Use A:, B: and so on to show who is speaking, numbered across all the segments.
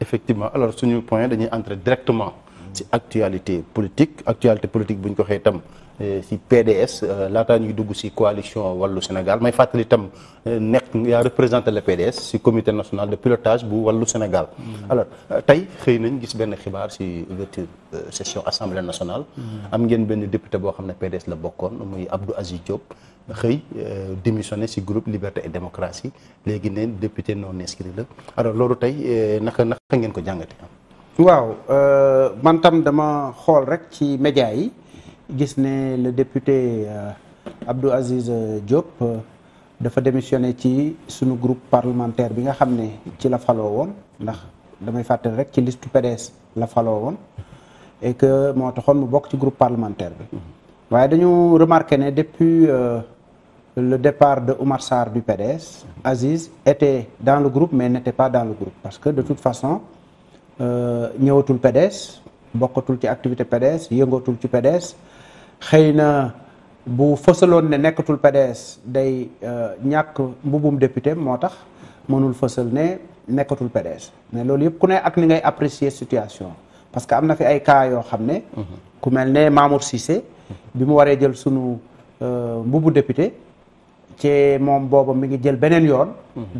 A: effectivement alors suñu point dañuy entrer directement ci actualité politique actualité politique bu ñu ko waxee tam eh, ci PDS eh, laataa ñuy dugg ci coalition wàllu Sénégal may fàttali tam eh, nekk yaa représenté le PDS ci commité national de pilotage bu wallu Sénégal. Mm. alors tey xëy nañ gis benn xibaar ci ouverture session assemblée nationale. Mm. am ngeen benn député boo xam ne PDS la bokkoon muy Abdou Aziz Diop. xëy démissionné ci groupe Liberté et Démocratie léegi neen député non inscrit la alors loolu tey naka naka ngeen ko jàngatee.
B: waaw euh, man tam dama xool rek ci média yi gis ne le député euh, Abdou Aziz euh, Diop dafa démissionné ci sunu groupe parlementaire bi nga xam ne ci la faloo woon ndax damay fàttali rek ci liste PDS la faloo woon et que moo taxoon mu bokk ci groupe parlementaire bi waaye dañu remarqué ne depuis le départ de Oumar Sarr du PDS Aziz était dans le groupe mais n'était pas dans le groupe parce que de toute façon Euh, ñëwatul PDS bokkatul ci activité PDS yëngatul ci PDS xëy na bu fësaloon ne nekkatul PDS day euh, ñàkk mbubum député moo tax mënul fësal ne nekkatul PDS mais loolu yëpp ku ne ak li ngay apprécier situation parce que am na fi ay cas yoo xam ne mhm. ku mel ne Mamour Cissé bi mu waree jël sunu euh, mbubu député ci moom booba mi ngi jël beneen yoon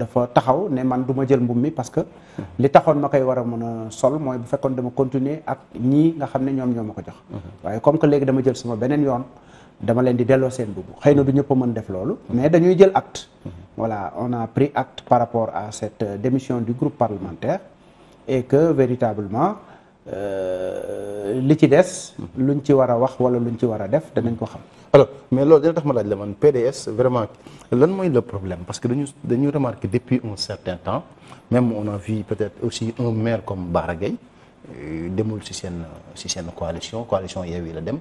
B: dafa taxaw ne man duma jël mbubb mi parce que li taxoon ma koy war a mën a sol mooy bu fekkoon dama continuer ak ñii nga xam ne ñoom ñoo ma ko jox waaye comme que léegi dama jël suma beneen yoon dama leen di delloo seen mbubb xëy na du ñëpp mën def loolu mais dañuy jël acte voilà on a pris acte par rapport à cette euh, démission du groupe parlementaire et que véritablement Euh, li ci des. lu luñ ci war a wax wala luñ ci war a def danañ ko xam. alors mais loolu dina tax ma laaj la man PDS vraiment lan mooy
A: le problème parce que dañu dañu remarqué depuis un certain temps même on a vu peut-être aussi un maire comme Bara Gaye demul si seen si seen coalition coalition Yewwi la dem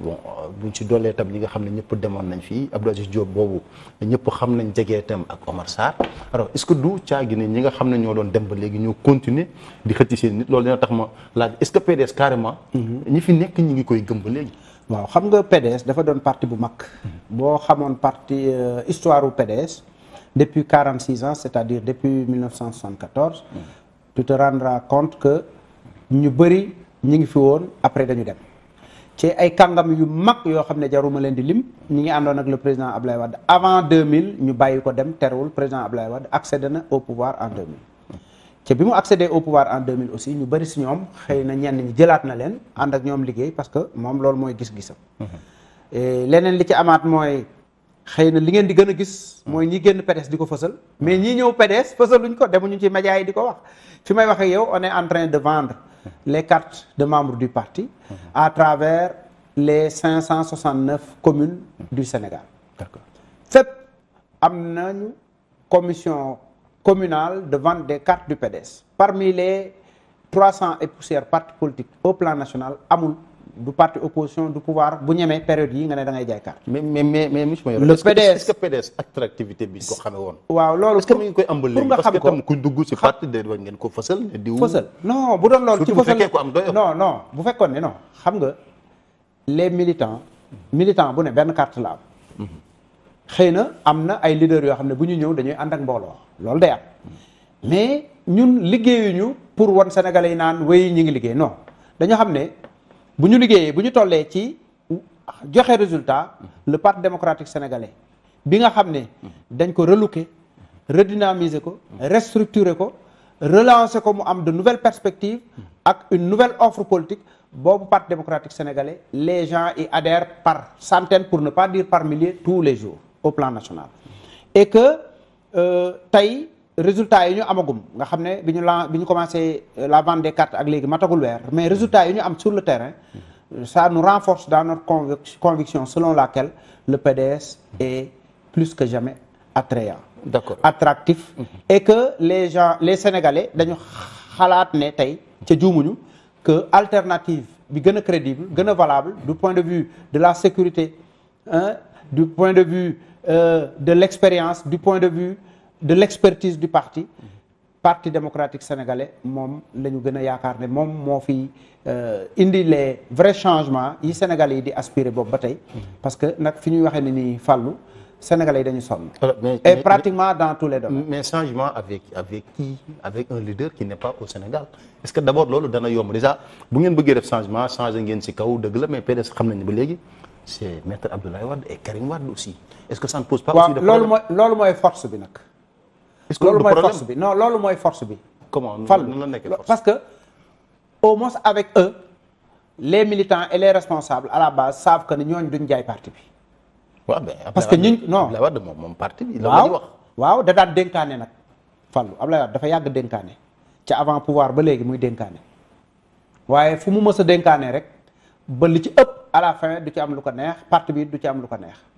A: bon euh, buñ si doolee tam ñi nga xam ne ñëpp demoon nañ fii Abdou Aziz Diop boobu ñëpp xam nañ jege tam ak Omar Sarr alors est-ce que du caagi ne ñi nga xam ne ñoo doon dem ba léegi ñoo continuer di xëcc seen nit loolu dina tax ma laaj est-ce que PDS carrément. Mhm. ñi fi nekk ñi ngi koy gëm ba léegi.
B: waaw xam nga PDS dafa doon parti bu mag. Mhm. boo xamoon parti euh, histoire u pedes depuis 46 ans c'est-à-dire depuis 1974. Mhm. tu te rendras compte ñu bëri ñi ngi fi woon après dañu dem ci ay kàngam yu mag yoo xam ne jaruma leen di lim ñi ngi àndoon ak le président Ablaye Wade avant 2000 ñu bàyyi ko dem terewul président Ablaye Wade accédé na au pouvoir en 2000. ci bi mu accédé au pouvoir en 2000 aussi ñu bëri si ñoom xëy na ñenn ñi jëlaat na leen ànd ak ñoom liggéey parce que moom loolu mooy gis-gisam. Mhm. leneen li ci amaat mooy xëy na li ngeen di gën a gis mooy ñi génn PDS les cartes de membres du parti à travers les 569 communes du Sénégal. D'accord. fépp am nañu commission communale de vente des cartes du PDS parmi les 300 et poussières partis politiques au plan national amul du parti opposition du pouvoir bu ñemee période yi nga ne da ngay jaay carte. mais mais mais mais monsieur Mayoro. le PDS
A: est-ce attractivité bi ko xamee
B: woon. waaam loolu est-ce que mi ngi koy ëmbal léegi parce
A: ku dugg si parti de war ngeen ko fësal
B: ne bu doon loolu ci fësal ko am doy bu fekkoon ne non xam nga les militant militant bu ne benn carte la am xëy na am na ay leaders yoo xam ne bu ñu ñëw dañuy ànd ak mbooloo loolu day am mais ñun liggéeyuñu pour wan sénégal yi naan wéy ñu ngi liggéey non dañoo xam ne bu ñu liggéeyee bu ñu tollee ci joxe résultat le parti démocratique sénégalais bi nga xam ne dañ ko relouquer redynamiser ko restructurer ko relancer ko mu am de nouvelle perspective ak une nouvelle offre politique boobu parti démocratique sénégalais les gens y adhèrent par centaines pour ne pas dire par milliers tous les jours au plan national et que euh, tey résultat yi ñu amagum nga xam ne bi ñu la bi ñu commencé euh, la vente des cartes ak léegi matagul weer mais résultats yi ñu am sur le terrain ça nous renforce dans notre conviction selon laquelle le PDS est plus que jamais attrayant d'accord attractif et que les gens les Sénégalais dañu xalaat ne tey ca juumuñu que alternative bi gën a crédible gën a valable du point de vue de la sécurité hein, du point de vue euh, de l'expérience du point de vue de l'expertise du parti parti démocratique sénégalais moom la ñu gën a yaakaar ne moom moo fi euh, indi les vrais changement yi sénégalais yi di aspirer boobu ba tey parce que nag fi ñu waxee ne nii fàllu sénégalais yi dañu sonn et pratiquement dans tous les
A: domaines mais changement avec avec qui avec un leader qui n'est pas au Sénégal est-ce que d'abord loolu dana yomb déjà bu ngeen bëggee def changement changé ngeen ci kaw dëgg la mais PDS xam nañu ba léegi c'est maître Abdoulaye Wade et Karim Wade aussi est-ce que ça ne pose pas. aussi de loolu
B: mooy force bi nag. loolu mooy force bi non loolu mooy force bi. comment fal parce que au moins avec eux les militants et les responsables à la base savent que ni ñooñu duñ jaay parti bi. waaw parce que ñi no
A: Abdoulaye Wade moom parti bi. la wax
B: waaw da daan dénkaane nag. Fallou Abdoulaye Wade dafa yàgg dénkaane ca avant pouvoir ba léegi muy dénkaane waaye fu mu mës a dénkaane rek ba li ci ëpp à la du ci am lu ko neex parti bi du ci am lu ko neex.